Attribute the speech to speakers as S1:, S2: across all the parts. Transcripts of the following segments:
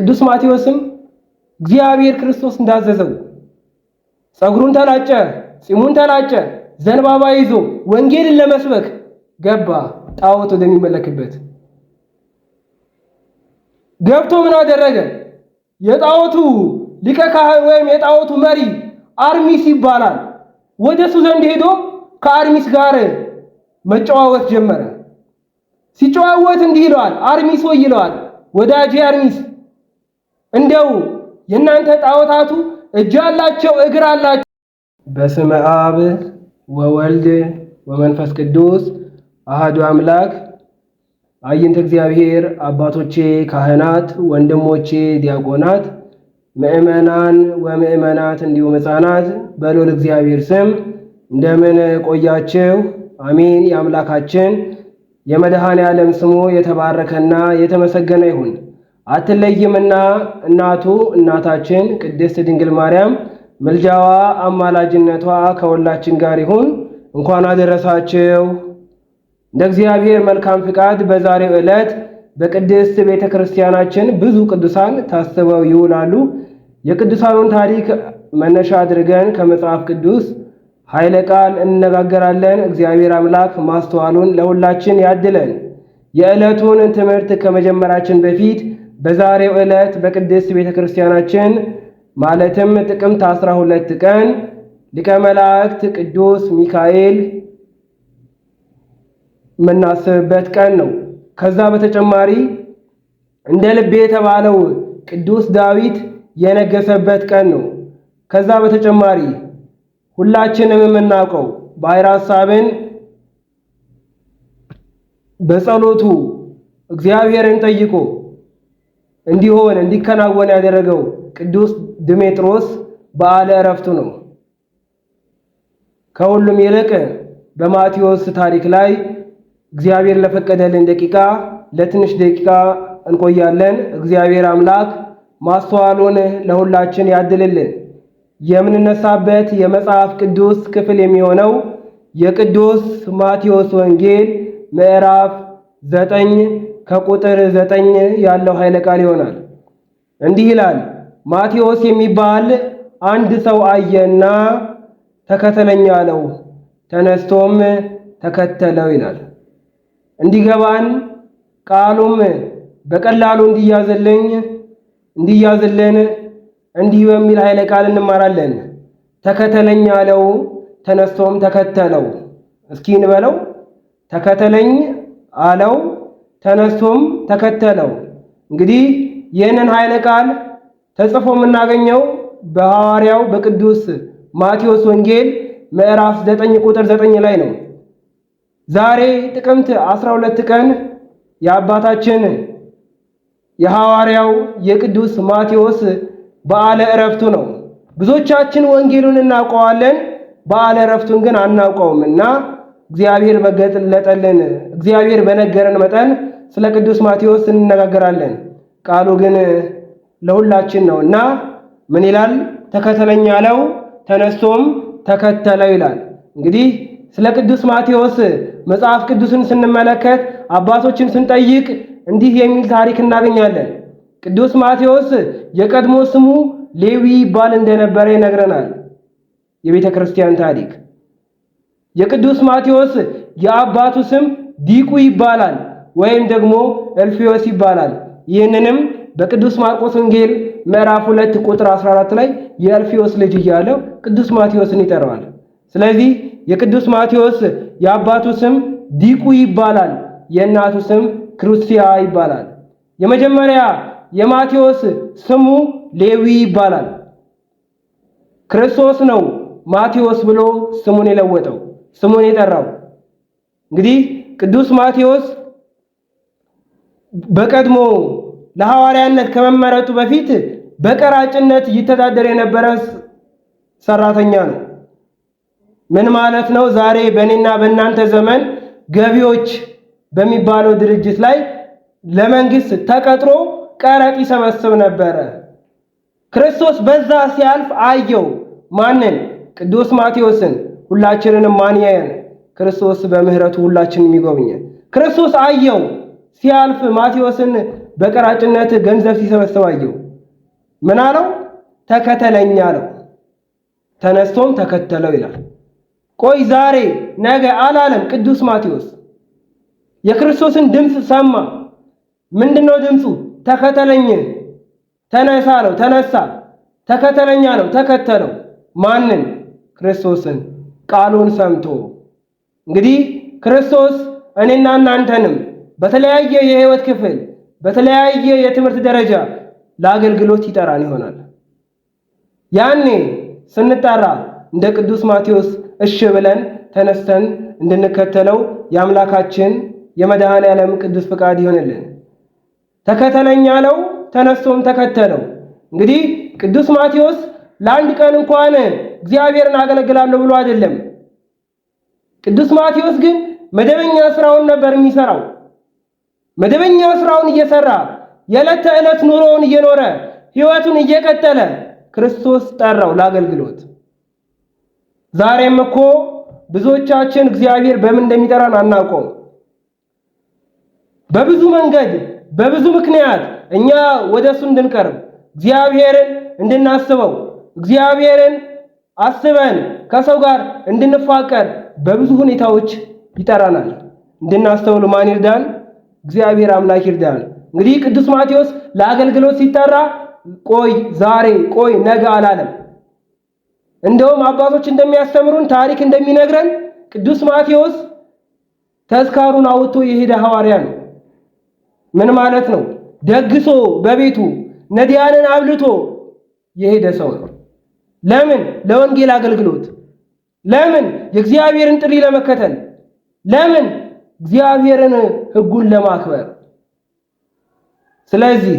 S1: ቅዱስ ማቴዎስም እግዚአብሔር ክርስቶስ እንዳዘዘው ጸጉሩን ተላጨ፣ ጺሙን ተላጨ፣ ዘንባባ ይዞ ወንጌልን ለመስበክ ገባ። ጣዖት ወደሚመለክበት ገብቶ ምን አደረገ? የጣዖቱ ሊቀ ካህን ወይም የጣዖቱ መሪ አርሚስ ይባላል። ወደ እሱ ዘንድ ሄዶ ከአርሚስ ጋር መጨዋወት ጀመረ። ሲጨዋወት እንዲህ ይለዋል፣ አርሚስ ወይ ይለዋል። ወዳጄ አርሚስ እንደው የእናንተ ጣዖታቱ እጅ አላቸው እግር አላቸው።
S2: በስመ አብ ወወልድ ወመንፈስ ቅዱስ አህዱ አምላክ። አይንት እግዚአብሔር አባቶቼ ካህናት፣ ወንድሞቼ ዲያቆናት፣ ምእመናን ወምእመናት እንዲሁም ሕፃናት በሎል እግዚአብሔር ስም እንደምን ቆያችሁ? አሜን። የአምላካችን የመድኃኔ ዓለም ስሙ የተባረከና የተመሰገነ ይሁን። አትለይምና እናቱ እናታችን ቅድስት ድንግል ማርያም ምልጃዋ አማላጅነቷ ከሁላችን ጋር ይሁን። እንኳን አደረሳችሁ። እንደ እግዚአብሔር መልካም ፍቃድ በዛሬው ዕለት በቅድስት ቤተ ክርስቲያናችን ብዙ ቅዱሳን ታስበው ይውላሉ። የቅዱሳኑን ታሪክ መነሻ አድርገን ከመጽሐፍ ቅዱስ ኃይለ ቃል እንነጋገራለን። እግዚአብሔር አምላክ ማስተዋሉን ለሁላችን ያድለን። የዕለቱን ትምህርት ከመጀመራችን በፊት በዛሬው ዕለት በቅድስት ቤተ ክርስቲያናችን ማለትም ጥቅምት 12 ቀን ሊቀ መላእክት ቅዱስ ሚካኤል የምናስብበት ቀን ነው። ከዛ በተጨማሪ እንደ ልቤ የተባለው ቅዱስ ዳዊት የነገሰበት ቀን ነው። ከዛ በተጨማሪ ሁላችንም የምናውቀው ባሕረ ሐሳብን በጸሎቱ እግዚአብሔርን ጠይቆ እንዲሆን እንዲከናወን ያደረገው ቅዱስ ድሜጥሮስ በዓለ እረፍቱ ነው። ከሁሉም ይልቅ በማቴዎስ ታሪክ ላይ እግዚአብሔር ለፈቀደልን ደቂቃ ለትንሽ ደቂቃ እንቆያለን። እግዚአብሔር አምላክ ማስተዋሉን ለሁላችን ያድልልን። የምንነሳበት የመጽሐፍ ቅዱስ ክፍል የሚሆነው የቅዱስ ማቴዎስ ወንጌል ምዕራፍ ዘጠኝ ከቁጥር ዘጠኝ ያለው ኃይለ ቃል ይሆናል። እንዲህ ይላል ማቴዎስ የሚባል አንድ ሰው አየና ተከተለኝ አለው፣ ተነስቶም ተከተለው ይላል። እንዲገባን ቃሉም በቀላሉ እንዲያዝልኝ እንዲያዝልን እንዲህ በሚል ኃይለ ቃል እንማራለን። ተከተለኝ አለው፣ ተነስቶም ተከተለው። እስኪ እንበለው ተከተለኝ አለው። ተነስቶም ተከተለው። እንግዲህ ይህንን ኃይለ ቃል ተጽፎ የምናገኘው በሐዋርያው በቅዱስ ማቴዎስ ወንጌል ምዕራፍ 9 ቁጥር 9 ላይ ነው። ዛሬ ጥቅምት 12 ቀን የአባታችን የሐዋርያው የቅዱስ ማቴዎስ በዓለ እረፍቱ ነው። ብዙዎቻችን ወንጌሉን እናውቀዋለን፣ በዓለ እረፍቱን ግን እና። እግዚአብሔር በገለጠልን እግዚአብሔር በነገረን መጠን ስለ ቅዱስ ማቴዎስ እንነጋገራለን። ቃሉ ግን ለሁላችን ነው እና ምን ይላል? ተከተለኝ አለው፣ ተነስቶም ተከተለው ይላል። እንግዲህ ስለ ቅዱስ ማቴዎስ መጽሐፍ ቅዱስን ስንመለከት አባቶችን ስንጠይቅ እንዲህ የሚል ታሪክ እናገኛለን። ቅዱስ ማቴዎስ የቀድሞ ስሙ ሌዊ ይባል እንደነበረ ይነግረናል የቤተ ክርስቲያን ታሪክ የቅዱስ ማቴዎስ የአባቱ ስም ዲቁ ይባላል ወይም ደግሞ እልፊዮስ ይባላል። ይህንንም በቅዱስ ማርቆስ ወንጌል ምዕራፍ 2 ቁጥር 14 ላይ የእልፊዮስ ልጅ እያለው ቅዱስ ማቴዎስን ይጠራዋል። ስለዚህ የቅዱስ ማቴዎስ የአባቱ ስም ዲቁ ይባላል፣ የእናቱ ስም ክርስቲያ ይባላል። የመጀመሪያ የማቴዎስ ስሙ ሌዊ ይባላል። ክርስቶስ ነው ማቴዎስ ብሎ ስሙን የለወጠው። ስሙን የጠራው። እንግዲህ ቅዱስ ማቴዎስ በቀድሞ ለሐዋርያነት ከመመረጡ በፊት በቀራጭነት ይተዳደር የነበረ ሰራተኛ ነው። ምን ማለት ነው? ዛሬ በእኔና በእናንተ ዘመን ገቢዎች በሚባለው ድርጅት ላይ ለመንግስት ተቀጥሮ ቀረጥ ይሰበስብ ነበረ። ክርስቶስ በዛ ሲያልፍ አየው። ማንን? ቅዱስ ማቴዎስን። ሁላችንንም ማንያየን ክርስቶስ በምህረቱ ሁላችንን ይጎብኘን። ክርስቶስ አየው ሲያልፍ ማቴዎስን በቀራጭነት ገንዘብ ሲሰበስብ አየው። ምን አለው? ተከተለኝ አለው። ተነስቶም ተከተለው ይላል። ቆይ ዛሬ ነገ አላለም። ቅዱስ ማቴዎስ የክርስቶስን ድምፅ ሰማ። ምንድነው ድምፁ? ተከተለኝ፣ ተነሳ አለው። ተነሳ፣ ተከተለኝ አለው። ተከተለኛ ነው። ተከተለው ማንን? ክርስቶስን ቃሉን ሰምቶ እንግዲህ ክርስቶስ እኔና እናንተንም በተለያየ የህይወት ክፍል በተለያየ የትምህርት ደረጃ ለአገልግሎት ይጠራን ይሆናል። ያኔ ስንጠራ እንደ ቅዱስ ማቴዎስ እሺ ብለን ተነስተን እንድንከተለው የአምላካችን የመድኃኔ ዓለም ቅዱስ ፍቃድ ይሆንልን። ተከተለኝ አለው፣ ተነስቶም ተከተለው። እንግዲህ ቅዱስ ማቴዎስ ለአንድ ቀን እንኳን እግዚአብሔርን አገለግላለሁ ብሎ አይደለም። ቅዱስ ማቴዎስ ግን መደበኛ ስራውን ነበር የሚሰራው። መደበኛ ስራውን እየሰራ የዕለት ተዕለት ኑሮውን እየኖረ ህይወቱን እየቀጠለ ክርስቶስ ጠራው ለአገልግሎት። ዛሬም እኮ ብዙዎቻችን እግዚአብሔር በምን እንደሚጠራን አናውቀውም። በብዙ መንገድ በብዙ ምክንያት እኛ ወደ እሱ እንድንቀርብ እግዚአብሔርን እንድናስበው እግዚአብሔርን አስበን ከሰው ጋር እንድንፋቀር በብዙ ሁኔታዎች ይጠራናል። እንድናስተውል ማን ይርዳን? እግዚአብሔር አምላክ ይርዳን። እንግዲህ ቅዱስ ማቴዎስ ለአገልግሎት ሲጠራ ቆይ ዛሬ ቆይ ነገ አላለም። እንደውም አባቶች እንደሚያስተምሩን ታሪክ እንደሚነግረን ቅዱስ ማቴዎስ ተዝካሩን አውጥቶ የሄደ ሐዋርያ ነው። ምን ማለት ነው? ደግሶ በቤቱ ነዳያንን አብልቶ የሄደ ሰው ነው። ለምን? ለወንጌል አገልግሎት። ለምን? የእግዚአብሔርን ጥሪ ለመከተል። ለምን? እግዚአብሔርን ሕጉን ለማክበር። ስለዚህ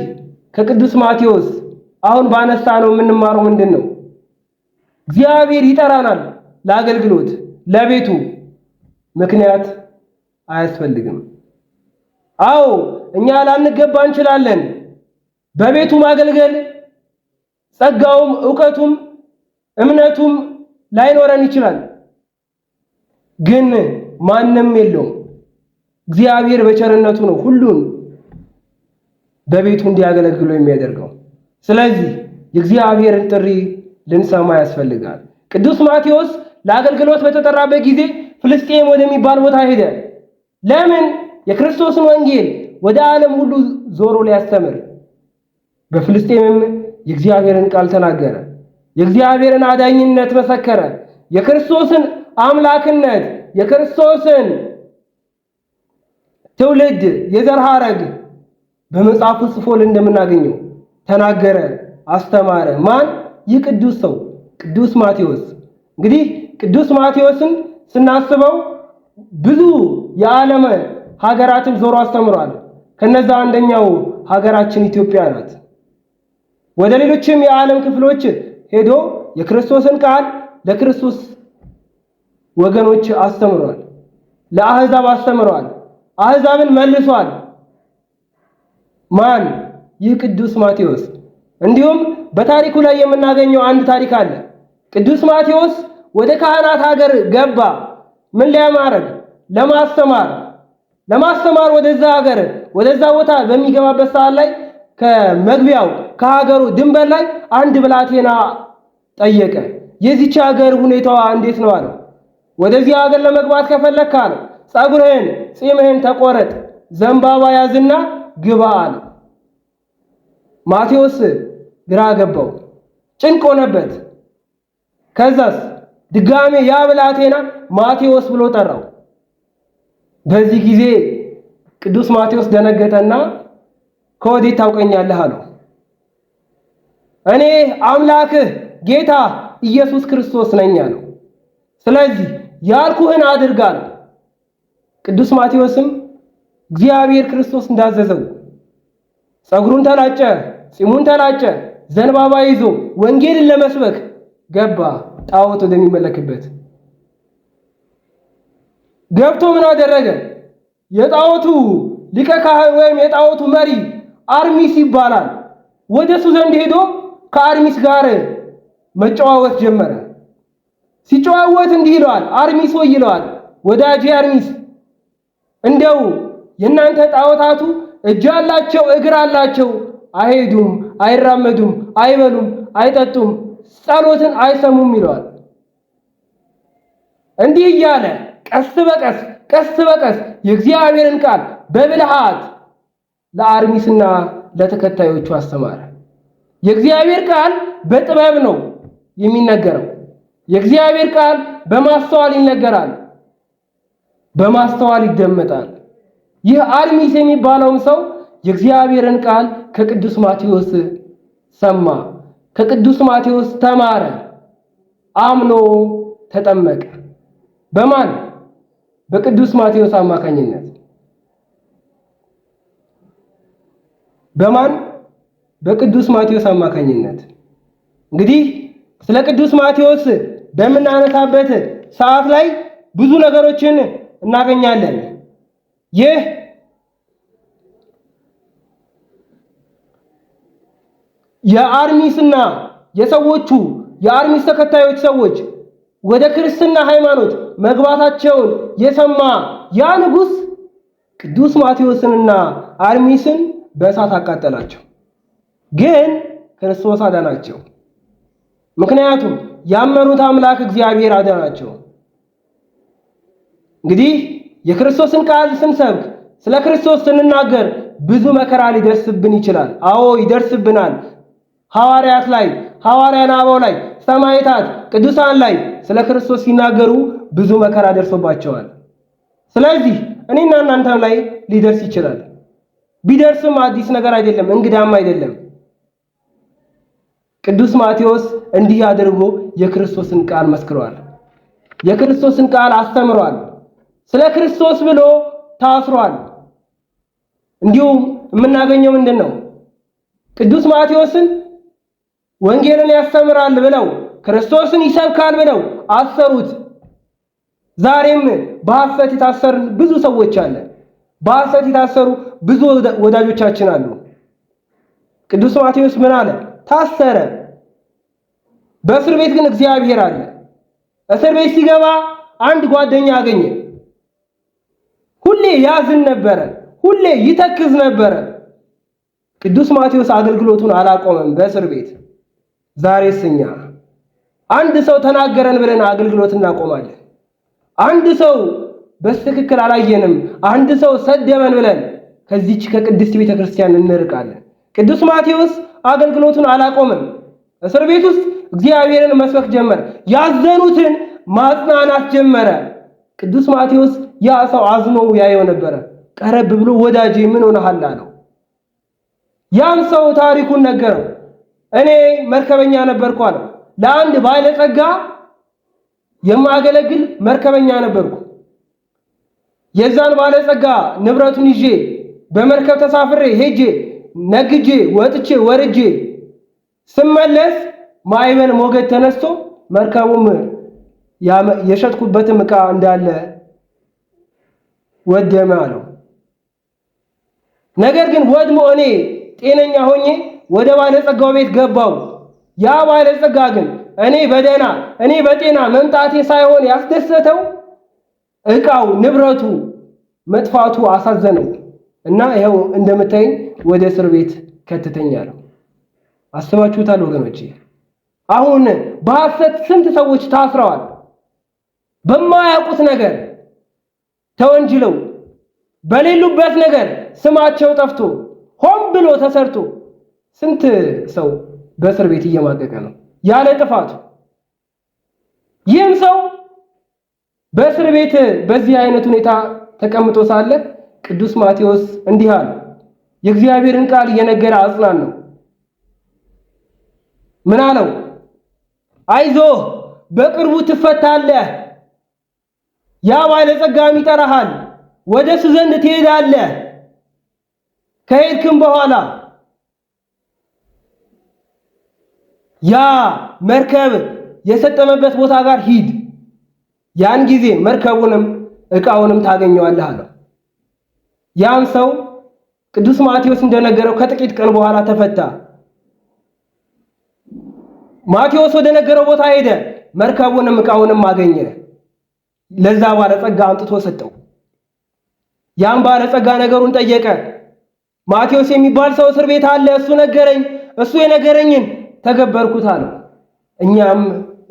S2: ከቅዱስ ማቴዎስ አሁን ባነሳ ነው የምንማረው ምንድን ነው? እግዚአብሔር ይጠራናል ለአገልግሎት ለቤቱ ምክንያት አያስፈልግም። አዎ እኛ ላንገባ እንችላለን። በቤቱ ማገልገል ጸጋውም እውቀቱም እምነቱም ላይኖረን ይችላል፣ ግን ማንም የለውም። እግዚአብሔር በቸርነቱ ነው ሁሉን በቤቱ እንዲያገለግሉ የሚያደርገው። ስለዚህ የእግዚአብሔርን ጥሪ ልንሰማ ያስፈልጋል። ቅዱስ ማቴዎስ ለአገልግሎት በተጠራበት ጊዜ ፍልስጤም ወደሚባል ቦታ ሄደ። ለምን? የክርስቶስን ወንጌል ወደ ዓለም ሁሉ ዞሮ ሊያስተምር። በፍልስጤምም የእግዚአብሔርን ቃል ተናገረ። የእግዚአብሔርን አዳኝነት መሰከረ። የክርስቶስን አምላክነት፣ የክርስቶስን ትውልድ፣ የዘር ሐረግ በመጽሐፉ ጽፎል እንደምናገኘው ተናገረ፣ አስተማረ። ማን? ይህ ቅዱስ ሰው ቅዱስ ማቴዎስ። እንግዲህ ቅዱስ ማቴዎስን ስናስበው ብዙ የዓለም ሀገራትን ዞሮ አስተምሯል። ከነዛ አንደኛው ሀገራችን ኢትዮጵያ ናት። ወደ ሌሎችም የዓለም ክፍሎች ሄዶ የክርስቶስን ቃል ለክርስቶስ ወገኖች አስተምሯል፣ ለአህዛብ አስተምሯል፣ አህዛብን መልሷል። ማን? ይህ ቅዱስ ማቴዎስ። እንዲሁም በታሪኩ ላይ የምናገኘው አንድ ታሪክ አለ። ቅዱስ ማቴዎስ ወደ ካህናት ሀገር ገባ። ምን ለማድረግ? ለማስተማር ለማስተማር ወደዛ ሀገር ወደዛ ቦታ በሚገባበት ሰዓት ላይ ከመግቢያው ከሀገሩ ድንበር ላይ አንድ ብላቴና ጠየቀ። የዚች ሀገር ሁኔታዋ እንዴት ነው አለው። ወደዚህ ሀገር ለመግባት ከፈለክ አለው ጸጉርህን፣ ጺምህን ተቆረጥ፣ ዘንባባ ያዝና ግባ አለ። ማቴዎስ ግራ ገባው፣ ጭንቅ ሆነበት። ከዛስ ድጋሜ ያ ብላቴና ማቴዎስ ብሎ ጠራው። በዚህ ጊዜ ቅዱስ ማቴዎስ ደነገጠና ከወዴት ታውቀኛለህ አለው። እኔ አምላክህ ጌታ ኢየሱስ ክርስቶስ ነኝ አለው። ስለዚህ ያልኩህን አድርጋል ቅዱስ ማቴዎስም እግዚአብሔር ክርስቶስ እንዳዘዘው ጸጉሩን ተላጨ፣ ጺሙን ተላጨ፣ ዘንባባ ይዞ ወንጌልን ለመስበክ ገባ። ጣዖት ወደሚመለክበት ገብቶ ምን አደረገ? የጣዖቱ ሊቀ ካህን ወይም የጣዖቱ መሪ አርሚስ ይባላል። ወደሱ ዘንድ ሄዶ ከአርሚስ ጋር መጨዋወት ጀመረ። ሲጨዋወት እንዲህ ይለዋል፣ አርሚስ ወይ ይለዋል፣ ወዳጄ አርሚስ እንደው የእናንተ ጣዖታቱ እጅ አላቸው እግር አላቸው፣ አይሄዱም፣ አይራመዱም፣ አይበሉም፣ አይጠጡም፣ ጸሎትን አይሰሙም ይለዋል። እንዲህ እያለ ቀስ በቀስ ቀስ በቀስ የእግዚአብሔርን ቃል በብልሃት ለአርሚስና ለተከታዮቹ አስተማረ። የእግዚአብሔር ቃል በጥበብ ነው የሚነገረው። የእግዚአብሔር ቃል በማስተዋል ይነገራል፣ በማስተዋል ይደመጣል። ይህ አልሚስ የሚባለውም ሰው የእግዚአብሔርን ቃል ከቅዱስ ማቴዎስ ሰማ፣ ከቅዱስ ማቴዎስ ተማረ፣ አምኖ ተጠመቀ። በማን በቅዱስ ማቴዎስ አማካኝነት በማን በቅዱስ ማቴዎስ አማካኝነት እንግዲህ ስለ ቅዱስ ማቴዎስ በምናነሳበት ሰዓት ላይ ብዙ ነገሮችን እናገኛለን። ይህ የአርሚስና የሰዎቹ የአርሚስ ተከታዮች ሰዎች ወደ ክርስትና ሃይማኖት መግባታቸውን የሰማ ያ ንጉሥ ቅዱስ ማቴዎስንና አርሚስን በእሳት አቃጠላቸው። ግን ክርስቶስ አዳናቸው። ምክንያቱም ያመኑት አምላክ እግዚአብሔር አዳናቸው። እንግዲህ የክርስቶስን ቃል ስንሰብክ ስለ ክርስቶስ ስንናገር ብዙ መከራ ሊደርስብን ይችላል። አዎ ይደርስብናል። ሐዋርያት ላይ፣ ሐዋርያን አበው ላይ፣ ሰማይታት ቅዱሳን ላይ ስለ ክርስቶስ ሲናገሩ ብዙ መከራ ደርሶባቸዋል። ስለዚህ እኔና እናንተም ላይ ሊደርስ ይችላል። ቢደርስም አዲስ ነገር አይደለም፣ እንግዳም አይደለም። ቅዱስ ማቴዎስ እንዲህ አድርጎ የክርስቶስን ቃል መስክሯል። የክርስቶስን ቃል አስተምሯል። ስለ ክርስቶስ ብሎ ታስሯል። እንዲሁም የምናገኘው ምንድን ነው? ቅዱስ ማቴዎስን ወንጌልን ያስተምራል ብለው ክርስቶስን ይሰብካል ብለው አሰሩት። ዛሬም በሐሰት የታሰርን ብዙ ሰዎች አለ። በሐሰት የታሰሩ ብዙ ወዳጆቻችን አሉ። ቅዱስ ማቴዎስ ምን አለ? ታሰረ። በእስር ቤት ግን እግዚአብሔር አለ። እስር ቤት ሲገባ አንድ ጓደኛ አገኘ። ሁሌ ያዝን ነበረ፣ ሁሌ ይተክዝ ነበረ። ቅዱስ ማቴዎስ አገልግሎቱን አላቆመም በእስር ቤት። ዛሬስ እኛ አንድ ሰው ተናገረን ብለን አገልግሎት እናቆማለን። አንድ ሰው በትክክል አላየንም፣ አንድ ሰው ሰደበን ብለን ከዚች ከቅድስት ቤተ ክርስቲያን እንርቃለን። ቅዱስ ማቴዎስ አገልግሎቱን አላቆምም። እስር ቤት ውስጥ እግዚአብሔርን መስበክ ጀመረ። ያዘኑትን ማጽናናት ጀመረ። ቅዱስ ማቴዎስ ያ ሰው አዝኖ ያየው ነበረ። ቀረብ ብሎ ወዳጄ ምን ሆነሃል አለው። ያም ሰው ታሪኩን ነገረው። እኔ መርከበኛ ነበርኩ አለው። ለአንድ ባለጸጋ የማገለግል መርከበኛ ነበርኩ። የዛን ባለጸጋ ንብረቱን ይዤ በመርከብ ተሳፍሬ ሄጄ ነግጄ ወጥቼ ወርጄ ስመለስ ማዕበል ሞገድ ተነስቶ መርከቡም የሸጥኩበትም ዕቃ እንዳለ ወደመ አለው። ነገር ግን ወድሞ እኔ ጤነኛ ሆኜ ወደ ባለጸጋው ቤት ገባው። ያ ባለጸጋ ግን እኔ በደህና እኔ በጤና መምጣቴ ሳይሆን ያስደሰተው ዕቃው ንብረቱ መጥፋቱ አሳዘነው። እና ይኸው እንደምታይኝ ወደ እስር ቤት ከተተኝ አለው። አስባችሁታል ወገኖቼ? አሁን በሐሰት ስንት ሰዎች ታስረዋል። በማያውቁት ነገር ተወንጅለው በሌሉበት ነገር ስማቸው ጠፍቶ ሆን ብሎ ተሰርቶ ስንት ሰው በእስር ቤት እየማቀቀ ነው ያለ ጥፋቱ። ይህም ሰው በእስር ቤት በዚህ አይነት ሁኔታ ተቀምጦ ሳለ ቅዱስ ማቴዎስ እንዲህ አለ። የእግዚአብሔርን ቃል እየነገረ አጽናን ነው። ምን አለው? አይዞህ በቅርቡ ትፈታለህ። ያ ባለጸጋም ይጠራሃል፣ ወደ እሱ ዘንድ ትሄዳለህ። ከሄድክም በኋላ ያ መርከብ የሰጠመበት ቦታ ጋር ሂድ። ያን ጊዜ መርከቡንም ዕቃውንም ታገኘዋለህ አለው። ያን ሰው ቅዱስ ማቴዎስ እንደነገረው ከጥቂት ቀን በኋላ ተፈታ። ማቴዎስ ወደ ነገረው ቦታ ሄደ። መርከቡንም እቃውንም አገኘ። ለዛ ባለጸጋ አምጥቶ ሰጠው። ያን ባለጸጋ ነገሩን ጠየቀ። ማቴዎስ የሚባል ሰው እስር ቤት አለ፣ እሱ ነገረኝ፣ እሱ የነገረኝን ተገበርኩት አለ። እኛም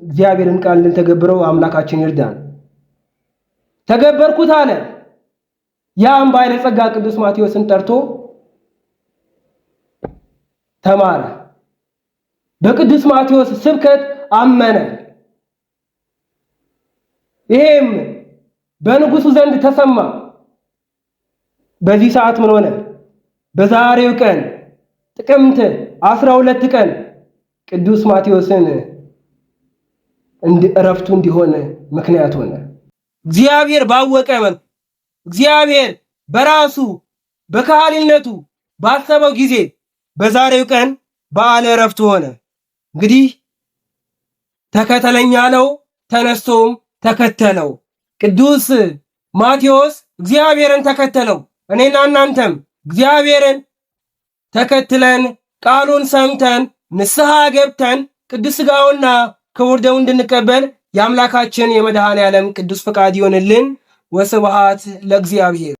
S2: እግዚአብሔርን ቃል ልንተገብረው አምላካችን ይርዳን። ተገበርኩት አለ። ያም ጸጋ ቅዱስ ማቴዎስን ጠርቶ ተማረ። በቅዱስ ማቴዎስ ስብከት አመነ። ይሄም በንጉሱ ዘንድ ተሰማ። በዚህ ሰዓት ምን ሆነ? በዛሬው ቀን ጥቅምት አስራ ቀን ቅዱስ ማቴዎስን እረፍቱ እንዲሆን ምክንያት ሆነ። እግዚአብሔር ባወቀ መልኩ እግዚአብሔር በራሱ በካህሊነቱ ባሰበው ጊዜ በዛሬው ቀን በዓለ ዕረፍቱ ሆነ። እንግዲህ ተከተለኛ ነው፣ ተነስቶም ተከተለው። ቅዱስ ማቴዎስ እግዚአብሔርን ተከተለው። እኔና እናንተም እግዚአብሔርን ተከትለን ቃሉን ሰምተን ንስሐ ገብተን ቅዱስ ሥጋውና ክቡር ደሙ እንድንቀበል የአምላካችን የመድኃኔ ዓለም ቅዱስ ፈቃድ ይሆንልን። وسبحات لغزي